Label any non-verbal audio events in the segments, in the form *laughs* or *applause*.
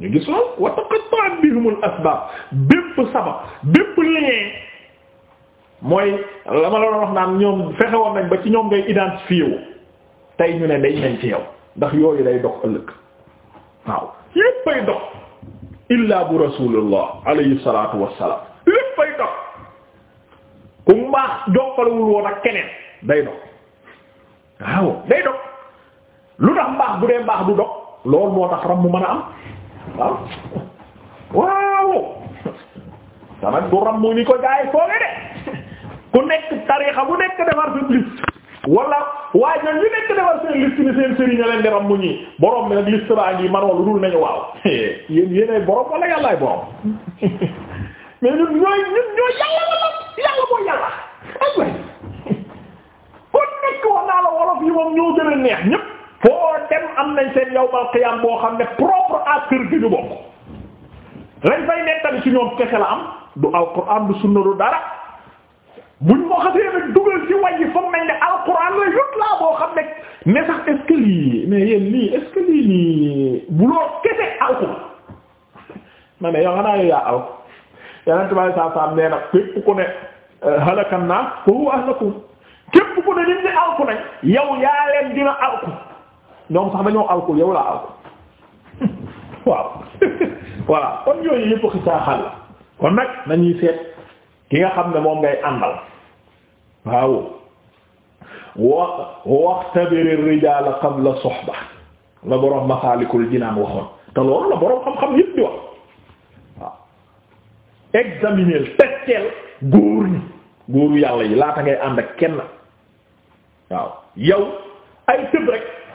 ñu gis lool wa taqatta'at bihimul asbaab bépp sabab bépp lien mooy la ma la wax naan ñoom fexe nañ ba ci ñoom ngay identifié wu tey ñu ne dañ nañ ci yow ndax yooyu day dox ëllëg waaw yéppay dox illaa bu rasulullah alayhi salatu wassalam léppay dox ku mbaax jokkalewul woon ak keneen day dox waaw day dox lu tax mbaax bu dee mbaax du dox loolu moo tax ram mu mën a am waaw waaw te nag du rammu ni ko jaay fooge de ku nekk tariixa bu nekk defar seen liste wala waaye ñoom ñu nekk defar seen liste ni seen sëriñ leen di rammu ñii borom bi nag liste baa ngi manoo lu dul nañu waaw *laughs* yéen yéenay borom wala yàllaay borom *laughs* mais ñun ñooy ñun ñooy yàlla wala yàlla yawmal boo xam ne propre à kër gi ñu bokk lañ fay nettali ci ñoom kese la am du alquran du sunna du dara buñ moo xasee nag dugal ci wàññi foog nañ ne alquran la yut laa boo xam ne mais sax est-ce que lii mais yéen nii bu loo kese alquran ma ne yow xanaa yow yaa alquran yeneen tubaab saa saa nee na képp ku ne eh, halakan naa fa huwa ahlakum képp ku ne nit ñi alku nañ yow yaa leen dina alku. ñoom sax dañoo alcool yow laa alcool *laughs* waaw *laughs* voilà kon yooyu yëpp xisaaxal la kon nag nañuy seet ki nga xam ne moom ngay àndal waaw wax waxtabiri rijaala qabla soxba la boroom masaalikul jinaan waxoon te loolu la boroom xam-xam yëpp di wax waaw examiner testeel góor ñi góoru yàlla yi laata ngay ànd ak kenn waaw ay tëb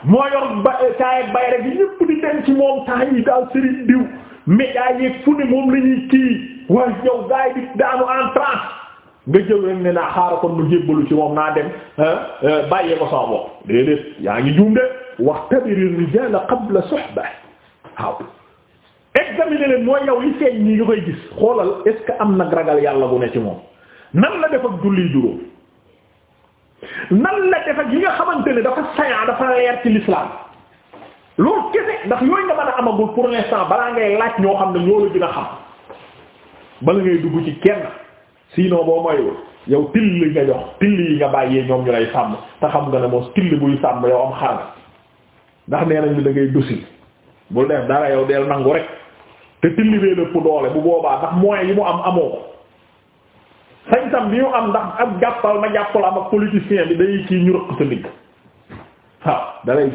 moo yor ba caayet bay rek ñëpp di dem ci moom temps yi daal sëriñ diw média yeeg ne moom la ñuy kii waaye yow gaay bi daanu en nga jël rek ne naa xaaral kon mu jébbalu ci moom naa dem euh, bàyyee ko sama bopp déedéet yaa ngi juum de waxtabiri rijala qabla suhba waaw examiner leen mooy yow yi feeñ nii nga koy gis xoolal est ce que am nag ragal yàlla bu ne ci moom nan la def ak julli juróom nan la def yi nga xamante ne dafa sañaa dafa leer ci l'islam loolu kese ndax yooyu nga mën a amagul pour l'instant balaa ngay laaj ñoo xam ne ñoo la gën xam bala ngay dugg ci kenn sinon boo moywul yow till nga jox till yi nga bàyyee ñoom ñu lay sàmm te xam nga ne moos till buy sàmm yow am xar ndax nee nañu da ngay dusil bul def dara yow deel nangu rek te till bee lépp doole bu boobaa ndax moyens yi mu am amoo ko sañ-sañ bi ñu am ndax ak jàppal ma jàppal am ak politicien bi day kii ñu rëq sa ndigg waaw da lay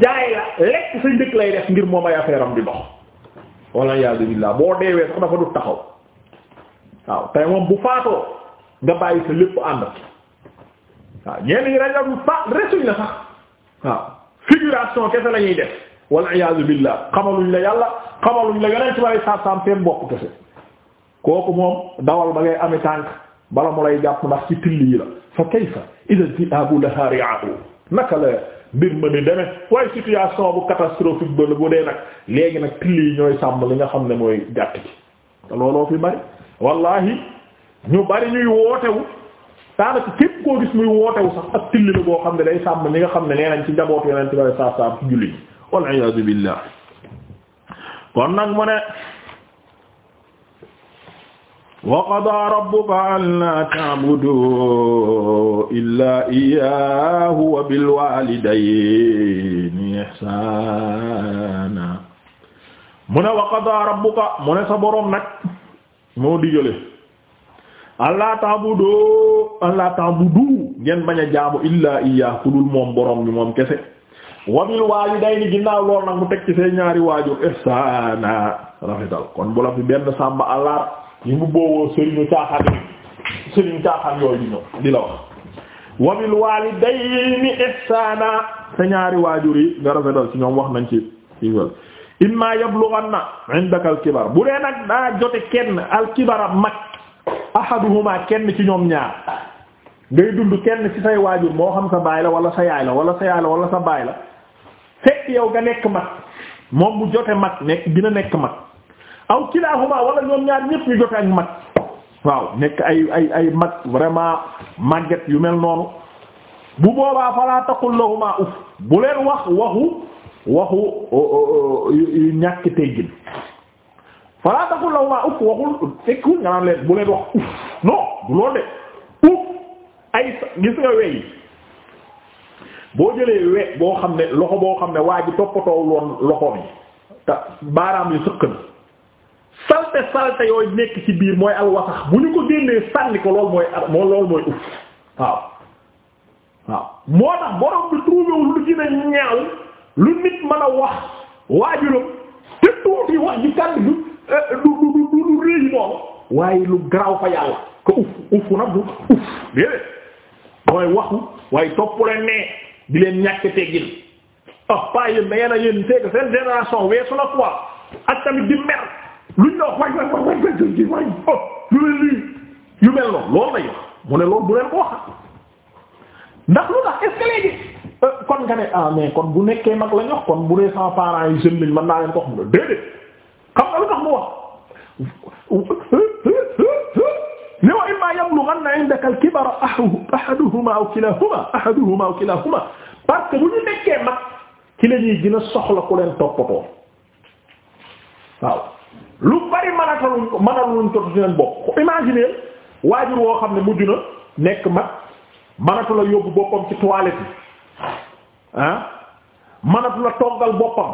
jaay la lekk sa njëkk lay def ngir moom ay affaire am di dox walla yaa billah boo deewee sax dafa du taxaw waaw tey moom bu faatoo nga bàyyi sa lépp ànd waaw ñenn ñi dañu am fa resuñ la sax waaw figuration kese la def walla yaa billah xamaluñ la yàlla xamaluñ la yeneen ci ma lay saam seen bopp kese. kooku moom dawal ba ngay ami tànk bala mu lay jàpp ndax ci tilli yi la fa kayfa idha dhi'abu laha ri'a'u naka la mbir ma ni deme waaye situation bu catastrophique ba la bu dee nag léegi nag tilli yi ñooy sàmm li nga xam ne mooy gàtt gi te looloo fi bari wallahi ñu bari ñuy wootewu daanaka képp koo gis muy wootewu sax ak tilli la boo xam ne day sàmm li nga xam ne nee ci njaboot yeneen ci bari saa saa ci julli wal iyaazu billah kon nag mu ne wa qadaa rabbuka allaa ta'budu illaa iyyaahu wa bil waalidayni ihsaana mu ne wa rabbuka mu ne sa boroom nag moo digale allaa ta'budu allaa ta'budu ngeen bañ jaamu illaa iyyaahu ku moom boroom bi moom kese wa bil waalidayni ginnaaw lool nag mu teg ci say ñaari waajur ihsaana rafetal kon bu la benn sàmba àllar yi mu boowoo sëriñu caaxaan yooyu di di la wax wa bil walidayni ihsana sa ñaari waajur yi nga rafetal ci ñoom wax nañ ci iwal imma yablughanna indaka al kibar bu dee nag daa jote kenn al kibara mag ahaduhuma kenn ci ñoom ñaar ngay dund kenn ci say waajur moo xam sa baay la wala sa yaay la wala sa yaay la wala sa baay la fekk yow nga nekk mag moom bu jote mag nekk dina nekk mag aw kilahuma wala ñoom ñaar ñëpp ñu jote ak mag waaw nekk ay ay mag vraiment màgget yu mel noonu bu boobaa fala taqul lahuma uf bu leen wax waxu waxu waxul tekku nga naan leen bu leen wax uf non du loolu uf ay gis nga wey boo jëlee we boo xam ne loxo boo xam ne waa ji toppatoowul woon loxo mi baaraam yu sëq na salte salte yooyu nekk ci biir mooy alwasax bu ñu ko génnee sànni ko loolu mooy moo loolu mooy uff waaw waaw moo tax borom bi trouvéwul lu gën a ñaaw lu nit mën a wax euh, waaye lu garaaw fa yàlla ko uff uff nag du uff déedéet mooy waxu waaye topp leen nee di leen ñàkk teggin ah pas yéen da ngeen a yéen c'est que génération weesu na quoi ak tamit di mer luñ la wax waay waay waay waay waay waay oh, lu leen lii yu mel noonu loolu la mu ne loolu bu leen ko wax ndax lu tax est-ce que euh, kon nga ne ah mais kon bu nekkee mag la ñu wax kon bu dee sama parents yi jeune lañ mën naa leen ko wax mu ne déedéet xam nga lu tax mu wax. ne wa imma yablughanna indaka al-kibara ahaduhuma aw kilahuma ahaduhuma aw kilahuma parce que bu ñu nekkee mag ci la ñuy gën a soxla ku leen toppatoo waaw. lu bari mënataluñ ko mënataluñ ko ci leen bopp imaginer waajur woo xam ne mujj na nekk mag mënatu la yóbbu boppam ci toilette yi ah la toggal boppam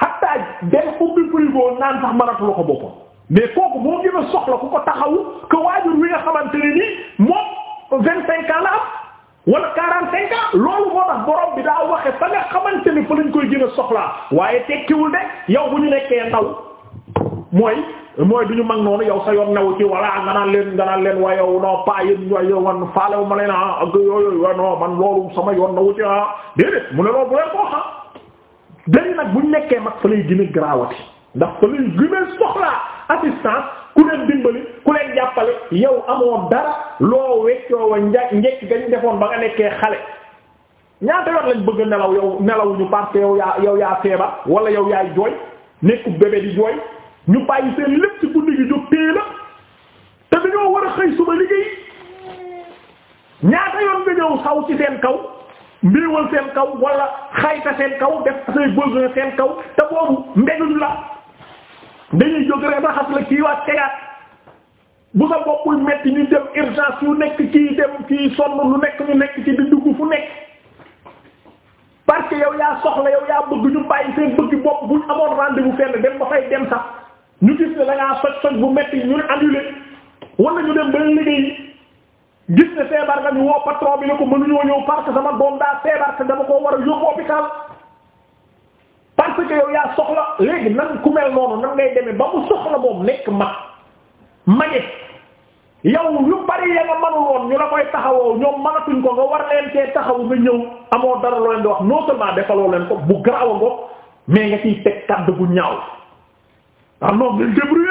xataa dem ubbi frigo naan sax mënatu ko boppam mais kooku moo gën a soxla ku ko taxawu que waajur wi nga xamante ne nii moom vingt cinq ans la am loolu moo tax borom bi daa waxe ba nga xamante fa lañ koy gën a soxlaa waaye tekkiwul de yow bu ñu nekkee ndaw. mooy mooy du ñu mag noonu yow sa yoon new ci walla nga naan leen nga naan leen waaye yow non pas yéen waaye yow man faalew ah, yooyu waaye non man loolu sama yoon na wu ah, déedéet mu ne loolu bu leen koo xam dañ nag buñ nekkee mag fa lay gën a garaawati ku leen dimbali ku leen jàppale yow amoo dara loo weccoo wa nja njekk gañ defoon ba nga nekkee xale ñaata yoon lañ bëgg nelaw yow nelawuñu parce que yow yaa yow feebar wala yow yaay jooy nekkub bébé di ñu bàyyi seen lépp ci guddi gi jóg téela te dañoo war a xëy suba liggéey ñaata yoon nga ñëw saw ci seen kaw mbiiwal seen kaw wala xayta seen kaw def say besoin seen kaw te boobu mbeguñ la dañuy jóg rek raxas la kii waa tegaat bu sa bopp metti ñu dem urgence yu nekk kii dem kii sonn lu nekk ñu nekk ci di dugg fu nekk parce que yow yaa soxla yow yaa bëgg ñu bàyyi seen bëgg bopp buñ amoon rendez-vous fenn dem ba fay dem sax ñu gis ne da soj soj bu metti ñu ne annulé wala ñu dem ba liggéey gis ne feebar nga ñu woo patron bi ne ko mënuñoo ñëw parce que sama doom daa feebar te dama war a yóbbu hôpital parce que yow yaa soxla léegi nan ku mel noonu nan ngay demee ba mu soxla moom nekk mag mage yow lu bari ya nga mënul woon ñu la koy taxawoo ñoom mënatuñ ko nga war leen cee taxaw nga ñëw amoo dara loo di wax non seulement defaloo leen ko bu garaaw a mais nga ciy teg kàddu bu ah non mais débrouillé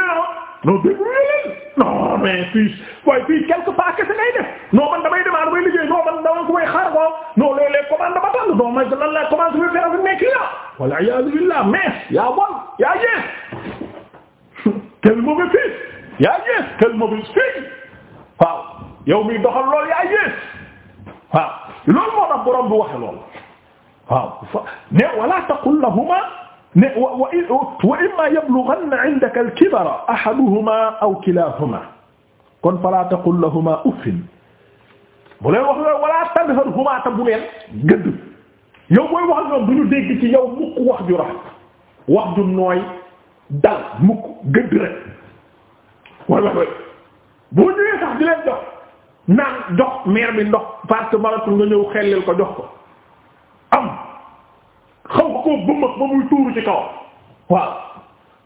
non débrouillé non mais fii waaye fii quelque part kese ngay def non man damay demaat bay liggéey non man dama ko may xaar ko non loolu les commandes ba tànn non man lan la commande bi faire fi nekk la wala iyaazu billah mais yaa bon yaa jeex *laughs* quel mauvais fils yaa jeex quel mauvais fils waaw yow mi doxal lool yaa jeex waaw loolu moo tax borom bi waxe lool waaw ne wala taqul lahuma ne wa wa wa imma yablughanna indaka al-kibara ahaduhuma aw kilahuma kon fala taqul lahuma uffin bu leen wax loolu wala tanharhuma ta bu leen gëdd yow booy wax ñoom du ñu dégg ci yow mukk wax ju rafet wax ju nooy dal mukk gëdd rek wala bu ñëwee sax di leen jox naan jox meer bi ndox parce que maratul nga ñëw xellil ko jox ko am. xaw ko koo bëmmax ba muy tuuru ci kaw waaw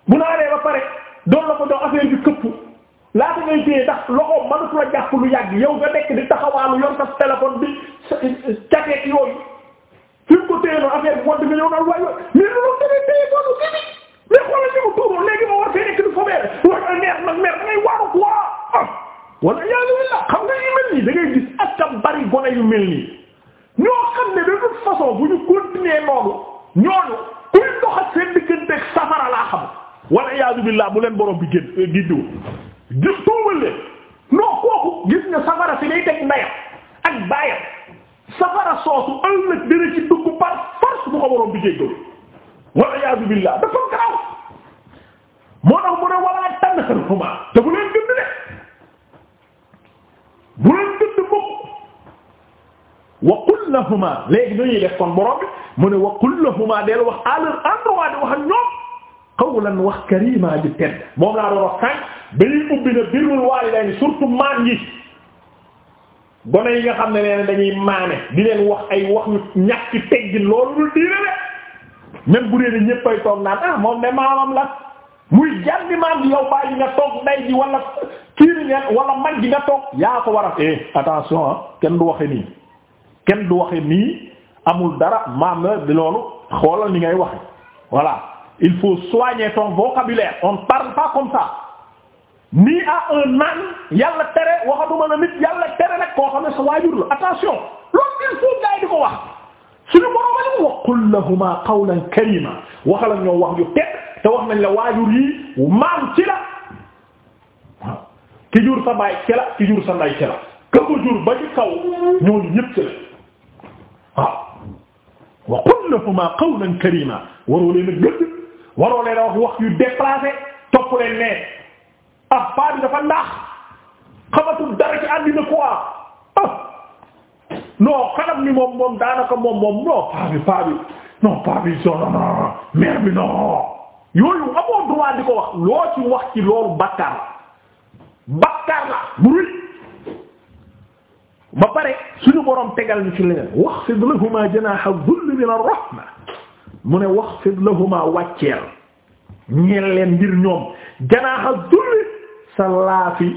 bu naanee ba pare doon la ko dox affaire bi këpp laata ngay téye ndax loxo mënut la jàpp lu yàgg yow nga nekk di taxawaalu yor sa téléphone bi cateet yooyu fi ko téye noonu affaire bi wante nga ñëw naan waay ko tuuru léegi ma war fee ah. xam nga yu mel nii da gis ak kam bari gone yu mel nii ñoo xam ne de façon bu ñu continuer noonu ñooñu kuy doxal seen digganteeg safara laa xam wala iyaazu billaah bu leen borom bi gën eh, giddiwul gis tuubal leen non kooku gis nga safara si day teg ndayam ak baayam safara bu ko borom bi jéggal wala iyaazu billaah dafa garaaw moo tax bu leen gëdd de bu leen gëdd mukk wa qul lahuma léegi nu ñuy def kon borom bi mu ne wa qul lahumaa del wax alal endroit di wax ak ñoom qawlan wax karima di tedd moom laa doon wax kan dañuy ubbi na birrul waalidayni surtout maan yi gone yi nga xam ne nee dañuy maane di leen wax ay wax ñu ñàkk teggin loolu dul diine de bu dee ne ñëppay toog naan ah moom ne maamam la muy jar di maam di yow bàyyi nga toog day ji wala kiiri ngeen wala mag ji nga toog yaa ko war a eh attention ah kenn du waxe nii kenn du waxe amul dara maam la di loolu xoolal ni ngay waxe voilà il faut soigner ton vocabulaire on parle pas comme ça ni à tere waxatuma la nit yàlla tere nag koo waajur la attention loolu il faut ngay di ko wax suñu borooma ni wa qul lahuma qawlan karima waxala ñoo wax yu teg te wax nañ la waajur yi maam ci la waaw ki jur sa baay ci la ki jur sa nday ci la ka ko jur ba ci kaw ñooñu ñëpp ci la wa qul lahuma qawlan karima waroo leen a gëdd waroo leen a wax wax yu déplacé topp leen ne ah paa bi dafa ndax xamatul dara ci àddina quoi ah non xanam ni moom moom daanaka moom moom non paa bi paa bi non paa bi so non bi non yooyu amoo droit di wax loo ci wax ci loolu bakkaar la ba pare suñu borom pegal ñu ci leneen waxfid lahuma janaha dhull min ar-rahma mu ne waxfid lahuma wàcceel ñeel leen ngir ñoom janaha dhull sa laafi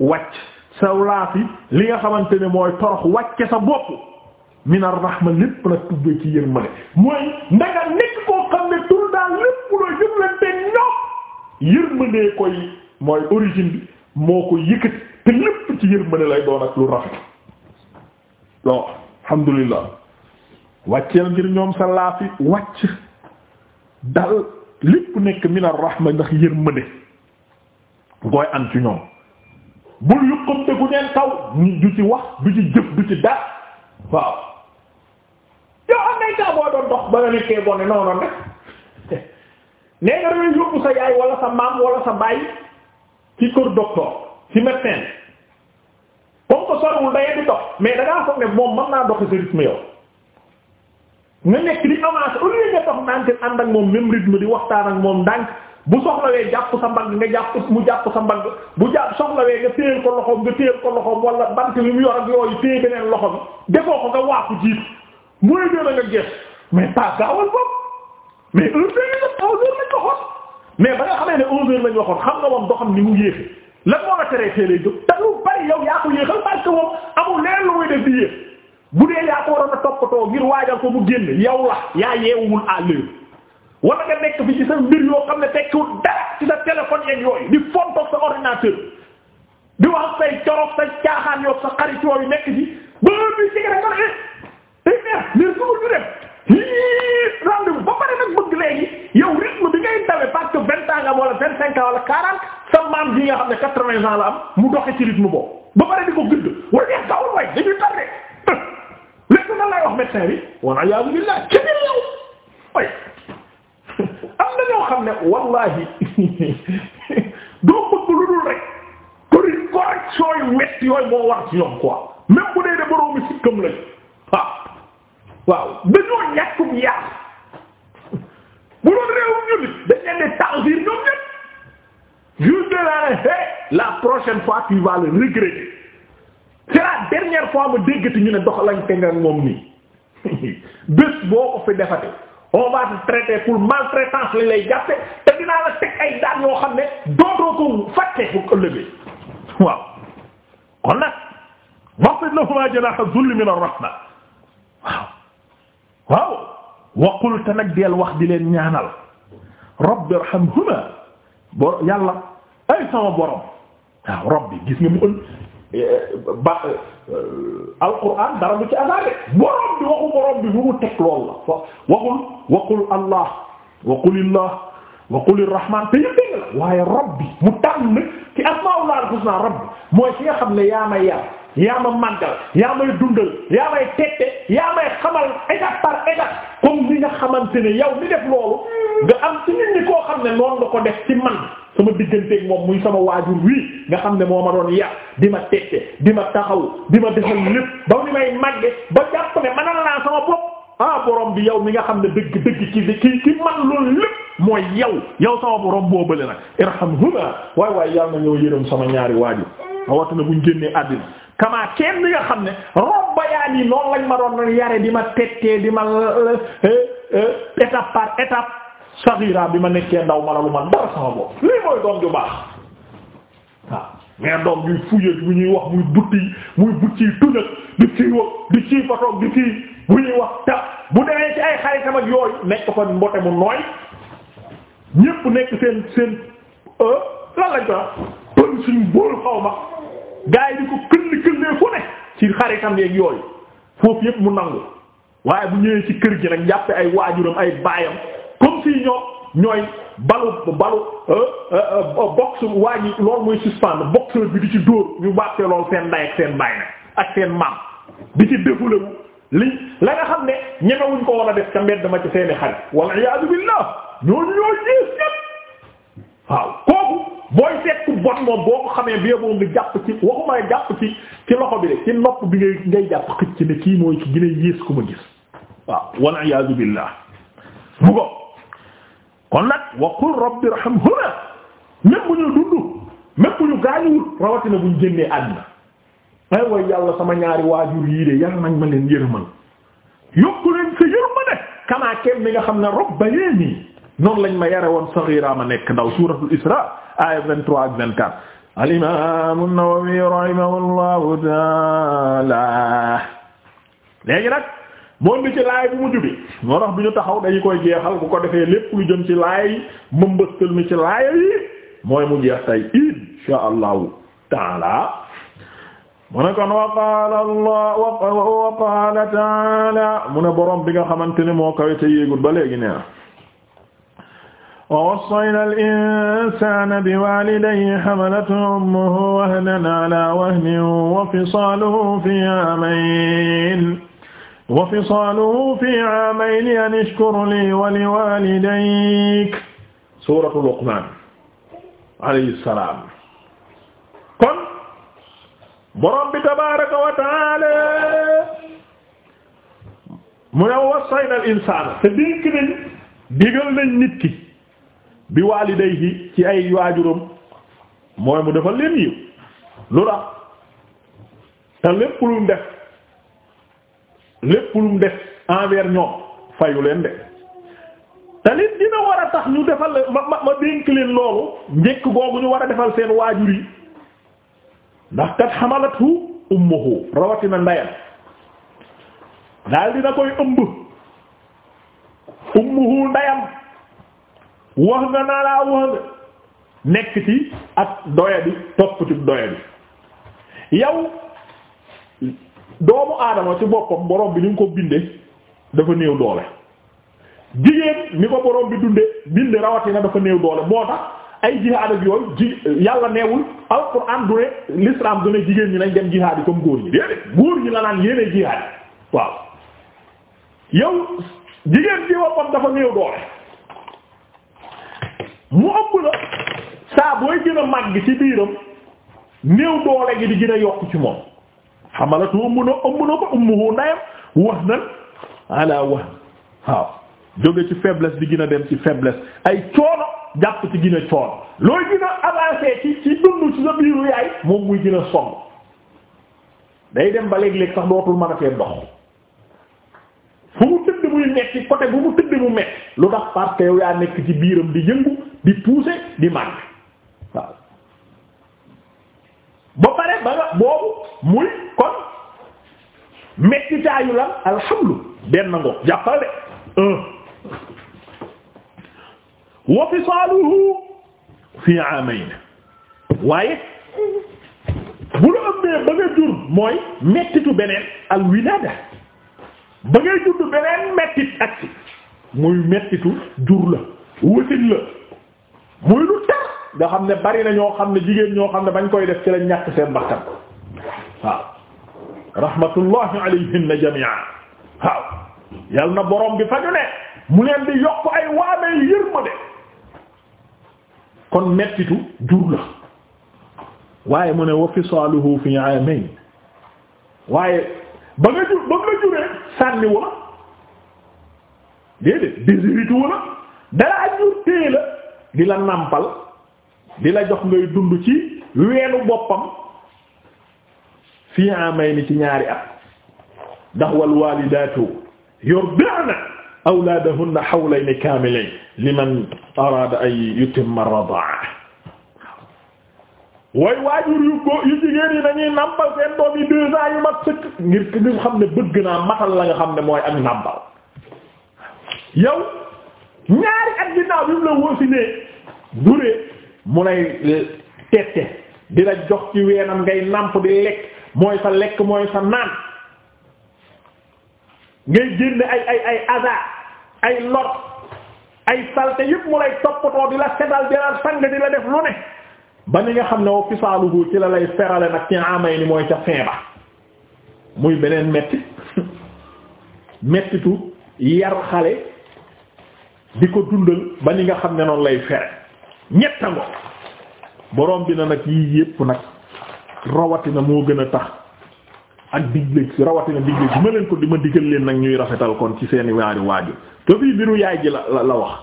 wàcc sa laafi li nga xamante ne mooy torox wàcce sa bopp min ar-rahma lépp la tuddee ci yërmande mooy ndaga nekk koo xam ne tur daal lépp loo jëflante ñoom yërmandee koy mooy origine bi moo ko yëkkati te lépp ci yërmande lay doon ak lu rafet bon alhamdulillah wàcceel ngir ñoom sa laafi wàcc dal lépp nekk minar rahma ndax yërmande ngooy am ci ñoom bul yuqamte ku neen taw du ci wax du ci jëf du ci dar waaw yow am nay taa boo doon dox ba nga nekkee bone noonu *laughs* rek nee nga sa yaay wala sa maam wala sa baay ci kër docteur ci médecin comme ko soriwul da ngeen di dox mais da ngaa foog moom mën naa doxi sa rythme yow nga nekk di avancé au lieu nga dox ndànk ànd ak moom même rythme di waxtaan ak moom ndànk bu soxlawee jàpp sa mbagg nga jàpp mu jàpp sa mbagg bu jàpp soxlawee nga téyel ko loxoom nga téyel ko loxoom wala bant bi mu yor ak yooyu téye beneen loxo bi defoo ko nga waaxu jiit mooy gën a nga gis mais pas gaawal bopp mais heure bii nga def 11 ba nga xamee ne 11h lañ waxoon xam nga moom doo ni mu yéexee. lan moo la teree teel a jóg te lu bari yow yaa ko yéexal parce que amul leneen lu muy def di yéex bu dee yaa ko waroon a toppatoo ngir waajal ko mu génn yow la yaa yeewuwul à l'heure wala nga nekk fi ci sa mbir yoo xam ne tekkiwul dara ci sa téléphone yeeg yooyu di fontoog sa ordinateur di wax say corof sa caaxaan yoog sa xarit yooyu nekk ci ba heure bii ci gën a mën a énu yow rythme bi ngay dawe sa maam bi nga xam ne quatre-vingts la am mu doxe ci rythme boobu ba pare di ko gëdd wala ngeen gawul way dañuy tardé *laughs* léegi nan lay wax médecin bi wala a'uuzu billaah ci yow *laughs* am na xam ne wallahi *laughs* doo bëgg lu dul rek tori correction yu yooyu moo war ci ñoom quoi même bu dee de boroomi sikkam lañ waaw ah. waaw dañoo ñàkkum yaar bu doon réewu ñu nit dañ leen di ñoom ñëpp juste la ne la prochaine fois tu vas le regretter c'est la dernière fois ma déggati ñu ne dox lañ te moom nii bés boo ko fi defate on va te traiter pour maltraitance lañ lay jàppe te dinaa la teg ay daan yoo xam ne dootoo ko fàtte bu bi waaw kon nag waxfid lahuma janaha zulli min ar-rahma waaw waaw waqul te nag deel wax di leen ñaanal rabbi irhamhuma bo yàlla ay sama borom waaw rabbi gis nga mu ël ba euh, alquran dara lu ci asaare borom bi waxu borom bi fu mu teg loolu la fa waxul waqul allah waqulillah waqulir rahman te yëpp dégg la waaye rabbi mu tànn ci asmaa'ul husna rabbi mooy ci nga xam ne yaa ma yar yaa ma màggal yaa may dundal yaa may tette yaa may xamal étape par étape comme li nga xamante ne yow mi def loolu nga am ci nit ñi koo xam ne noonu la ko def ci man sama digganteeg moom muy sama waajur wii nga xam ne moo ma doon yar di ma tette taxaw di ma defal lépp ba màgge ba sama bopp ah borom bi yow mi nga xam ne dëgg dëgg ci ci ci man loolu lépp mooy yow yow sama borom boo bële nag irhamhuma waay waay yàlla na ñoo yërëm sama ñaari waajur rawatina buñ génnee àddina kamaa kenn li nga xam ne robba yaa nii noonu lañ ma doon yare di ma tettee di ma eh, eh, étape par étape saxiira bi ma nekkee ndaw ma la lu man dara sama bopp lii mooy doom ju baax waaw mais doom ñuy fuye bu ñuy wax muy butti muy butti tuñag di kii di kii fatoog di kii bu ñuy wax ta bu demee ci ay xaritam ak yooyu nekk fa mbote mu nooy ñépp nekk seen seen euh, lan lañ ko pël suñ bool xaw ma gaay di ko yónnee fu ne ci xaritam yeeg yooyu foofu yëpp mu nangu waaye bu ñëwee ci kër gi nag jàppe ay waajuram ay baayam comme si ñoo ñooy balu balu euh, euh, euh, boxe waa ji loolu mooy suspendre boxeur bi di ci dóor ñu bàttee lool seen nday ak seen baay nag ak seen maam di ci défulé wu li la nga xam ne ñemewuñ ko war a def ca mbedd ma ci seeni xarit wal iyaadu billah ñooñu ñoo gis booy seet ku moom boo xamee bie boo nga jàpp ci waxuma jàpp ci ci bi de bi ngay ngay jàpp xëcc ne kii mooy ki gën a yées ku ma gis waaw wal iyaadu billah bu ko kon nag wa qul rabbi irhamhuma même bu ñu dund même bu ñu gaañuwul rawatina bu ñu génnee àddina ay way yàlla sama ñaari waajur yii de ma nañ ma leen yërëmal yokku leen sa yërmande kamaa kenn mi nga xam ne rabbayani noonu lañ ma yare woon saxiira ma nekk ndaw suuratul Isra aaya 23 ak 24 al imam an-Nawawi rahimahullahu taala léegi nag moom bi ci laay bu mujj bi moo bi ñu taxaw dañu koy jeexal bu ko defee lépp lu jëm ci laay mëmbëstal mi ci laaya mooy mu jeex tey insha allahu taala mu ne kon wa qaala allah wa qaala taala mu ne borom bi nga xamante ne moo kawe te yéegul ba léegi nee na wa wassayna al-insaana biwaalidayhi hamalathu ummuhu wahnan alaa wahnin wa fisaaluhu fii aamayni wa fisaaluhu fii aamayni an ishkur lii wa liwaalidayk. suuratu Luqmaan alayhi salaam. kon borom bi tabaaraka wa ta'aala mu ne wassayna al-insaana te dénk nañ digal nañ nit ki. bi waalidayhi ci ay waajuram mooy mu defal leen yiw lu tax te lépp lu def lépp lu mu def envers ñoom fayu leen de te nit dina war a tax ñu defal ma ma ma dénk leen loolu njëkk googu ñu war a defal seen waajur yi ndax kat xamalatu ummuhu rawatina ndeyam daal dina koy ëmb ummuhu ndeyam wax nga naa laa wax nekk ci ak doya bi topp ci doya bi doomu aadama ci boppam borom bi ni mu ko bindee dafa néew doole jigéen ni ko borom bi dunde binde rawatina dafa néew doole moo tax ay jihaad ak yooyu ji yàlla neewul alxuraan du ne l'islam du ne jigéen ñi nañ dem jihaad yi comme góor ñi déedéet góor ñi la naan yéenee jihaad yi waaw yow jigéen ci boppam dafa néew doole mu ëpp la saa booy gën a màgg ci biiram néew doole gi di gën a yokk ci moom xamalatu ëmb na ëmb na ko ummuhu ndayam wahnan ala waaw jóge ci faiblesse di gën a dem ci faiblesse ay coono jàpp ci gën a coono looy gën a avancé ci ci dund ci sa biiru yaay moom muy gën a sonn day dem ba léeg-léeg sax dootul mën a fee dox muy metti bu mu tëdd mu metti lu tax parce yaa nekk ci biiram di yëngu di pousser di màgg waaw ba pare ba nga boobu muy kon mettitaayu la alhamdu benn ngo jàppale un wa fisaaluhu fi amayn waaye bu la ëmbee ba nga jur mooy mettitu beneen al ba ngay judd beneen mettit ak muy mettitu jur la wasin la muy lu tar nga xam ne bari na ñoo xam ne jigéen ñoo xam ne bañ koy def ci la ñàkk seen bakkan waaw rahmatullahi alayhinna jami'an waaw yal na borom bi fa ñu ne mu leen di yokk ay waamee yërmande kon mettitu jur la waaye mu ne wa fisaaluhu fi amayn waaye ba nga jur sànni wu la déedéet déshérité wu la dalaa jur téye la di la nàmpal di la jox ngay dund ci weenu boppam fii amay ni ci ñaari at ndax wal walidaatu yurdi'na awlaadahunna hawlayni kaamilayn liman araada an yutimma ar-radaa'a way waajur yu góor yu jigéen yi dañuy nàmpal seen doom yi deux yu mat sëkk ngir ki xam ne bëgg naa matal la nga xam ne mooy ak nàmpal yow ñaari at ginnaaw bi mu lay eh, tette di la jox ci weenam ngay nàmp di lekk mooy sa lekk mooy sa naan ngay génne ay ay ay aza ay lor ay salte yëpp mu lay toppatoo di la setal di sang di def lu ne ba ni nga xam ne wa fisaaluhu ci la lay ferale nag ci amay ni mooy ca fin ba muy beneen metti mettitu yar xale di ko dundal ba ni nga xam ne noonu lay fere ñettango borom bi na nag yi yépp nag rawatina moo gën a tax ak digle rawatina digle bi ma leen ko di ma digal leen nag ñuy rafetal kon ci seeni waari waajur te fii biru yaay ji la la la wax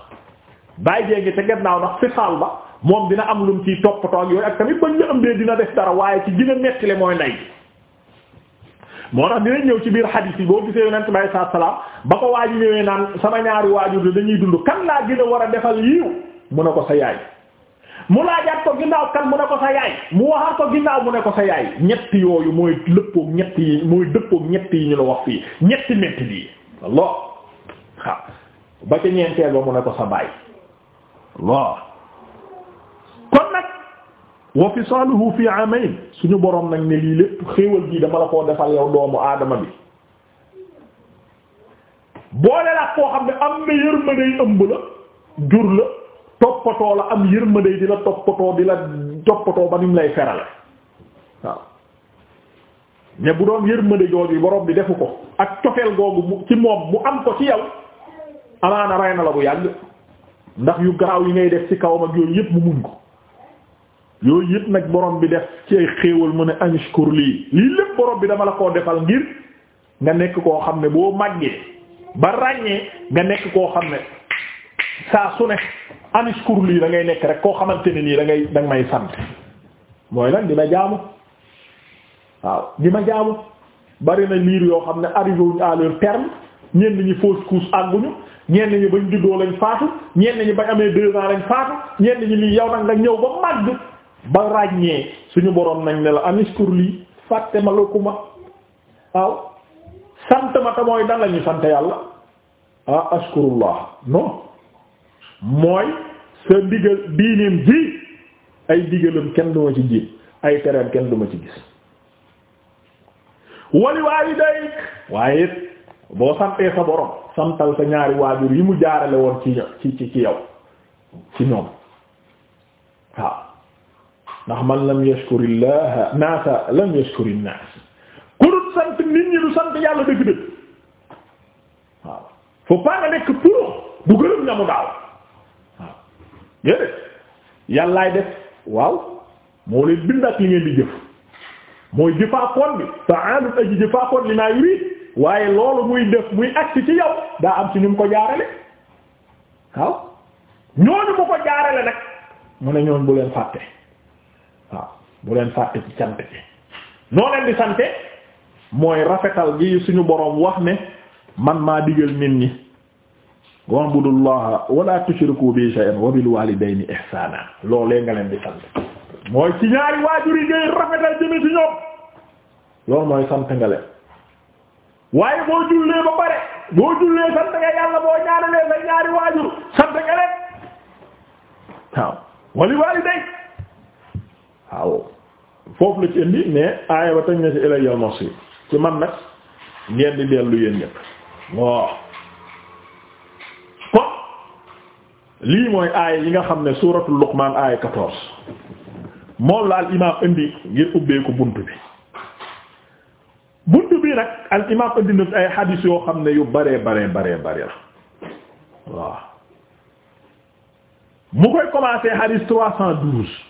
bàyyi jee ngi te gannaaw ndax fisaal ba moom dina am lum ciy toppatoo ak yooyu ak tamit bañ la ëmbee dina def dara waaye ci gën a mettile mooy ndey moo tax dinañ ñëw ci biir hadith yi boo gisee yonent bi saa salaam ba ko waaju ñëwee naan sama ñaari waajur dañuy dund kan laa gën war a defal yiiw mu ne ko sa yaay mu laajaat ko ginnaaw kan mu ne ko sa yaay mu waxaat ko ginnaaw mu ne ko sa yaay ñett yooyu mooy lëppook ñett yi mooy dëppook ñett yi ñu la wax fii ñetti metti lii ba wa fisaaluhu fi amayn suñu boroom nag ne lii lépp xéewal gi dama la koo defal yow doomu aadama bi boole la koo xam ne am na yërmande ëmb la jur la toppatoo la am yërmande di la toppatoo di la toppatoo ba mu lay ferale waaw ne bu doon yërmande jooju borom bi defu ko ak cofeel googu ci moom mu am ko ci yow amaana rey na la bu yàgg ndax yu garaaw yi ngay def ci kawam ak yooyu yépp mu muñ ko yooyu yëpp nag borom bi def ci ay mu ne anshkur lii lii lépp borom bi dama la koo defal ngir nga nekk koo xam ne boo màggee ba ràññee nga nekk koo xam ne saa su ne anshkur lii da ngay nekk rek koo xamante ne nii dangay ngay da may sant mooy lan di ma jaamu waaw di ma jaamu bari na liir yoo xam ne arrivé wuñu à leur terme ñenn ñi fausse couche àgguñu ñenn ñi bañ juddoo lañ faatu ñenn ñi bañ amee deux ans lañ faatu ñenn ñi lii yow nag nga ñëw ba màgg. ba ràññee suñu boroom nañ ne la amiskur lii fàtte ma lëkku ma waaw sant ma te mooy dan lañuy yàlla ah askurullah non mooy sa ndigal diineem ji ay ndigalam kenn duma ci jiit ay tereem kenn duma ci gis wali waalidayk waaye boo santee sa borom santal sa ñaari waajur yi mu jaarale woon ci ci ci yow ci ñoom waaw ndax man lam yashkurillaha naasa lam yashkurin naas ku yàlla dëgg-dëgg waaw faut pas nga nekk pour du moo leen bind ak waaye loolu muy def muy ci yow daa am ci ñu mu ko jaarale waaw ñooñu mu ko jaarale nag mu ne ñoon bu leen fàtte. bu leen fàtte ci cant noo leen di sante mooy rafetal gi suñu boroom wax ne man maa digal nit ñi wa'budullaha wala tushriku bi shay'an wa bil walidayni ihsana loolee nga leen di sant mooy ci ñaari waajur yi ngay rafetal jëme ci ñoom mooy sant nga leen waaye boo jullee ba pare boo jullee sant nga yàlla boo ñaanalee sa ñaari waajur sant nga leen waaw wa bil waaw foofu la ci indi mais aaya ba tañ na ci ilay yal ci man nag ngeen di dellu yéen ñépp waaw kon lii mooy aaya yi nga xam ne suuratul luqmaan aaya quatorze moom la al imaam indi ngir ubbeeku bunt bi bunt bi nag al imaam indi na ay xadiis yoo xam ne yu bare bare bare bare la waaw mu koy commencer xadiis trois cent douze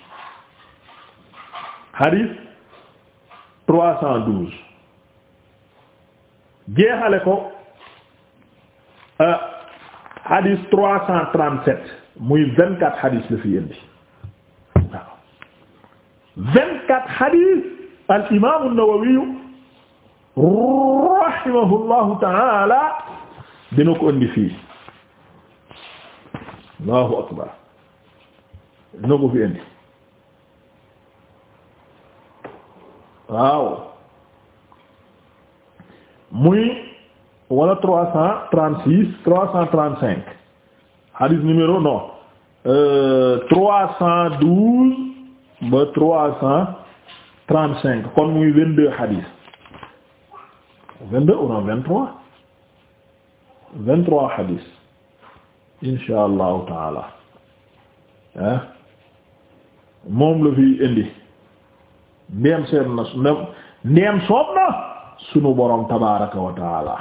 hadith trois cent douze jeexale ko euh, hadith trois cent trente-sept muy vingt-quatre la fi indi waaw vingt al imam an-Nawawi rahimahullahu ta'ala dina ko indi fii Allahu akbar dina ko fi indi waaw muy wala trois cent trente six trois cent trente cinq hadith numéro non euh, trois cent douze ba trois cent trente cinq kon muy vingt deux hadith ou non vingt trois vingt trois hadith insha allahu taala ah moom la fi indi. ndeem seen na su ndeem soob na sunu borom tabaaraka wa waaw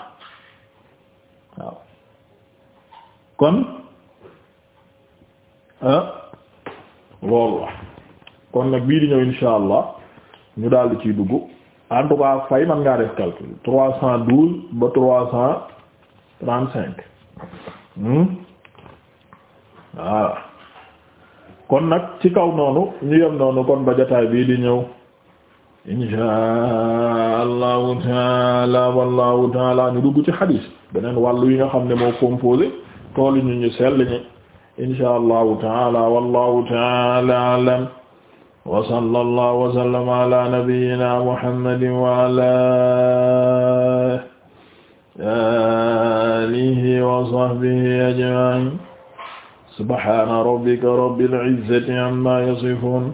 kon ah, loolu la kon nag bii di ñëw insha allah ñu daal ciy dugg en fay man ngaa def calcul trois cent douze ba trois cent trente cinq waaw hmm? kon nag ci kaw noonu ñu yem noonu kon ba jotaay bii di ñëw insha allahu taala wallahu taala ñu dugg ci xadis beneen wàllu yi nga xam ne moo composé toolu ñu ñu sell ñi insha allahu taala wallahu taala alam wa sallallahu wa sallama ala nabiyyina muhammadin wa ala alihi wa sahbihi ajma'in subhana rabbika rabbil izzati amma yasifun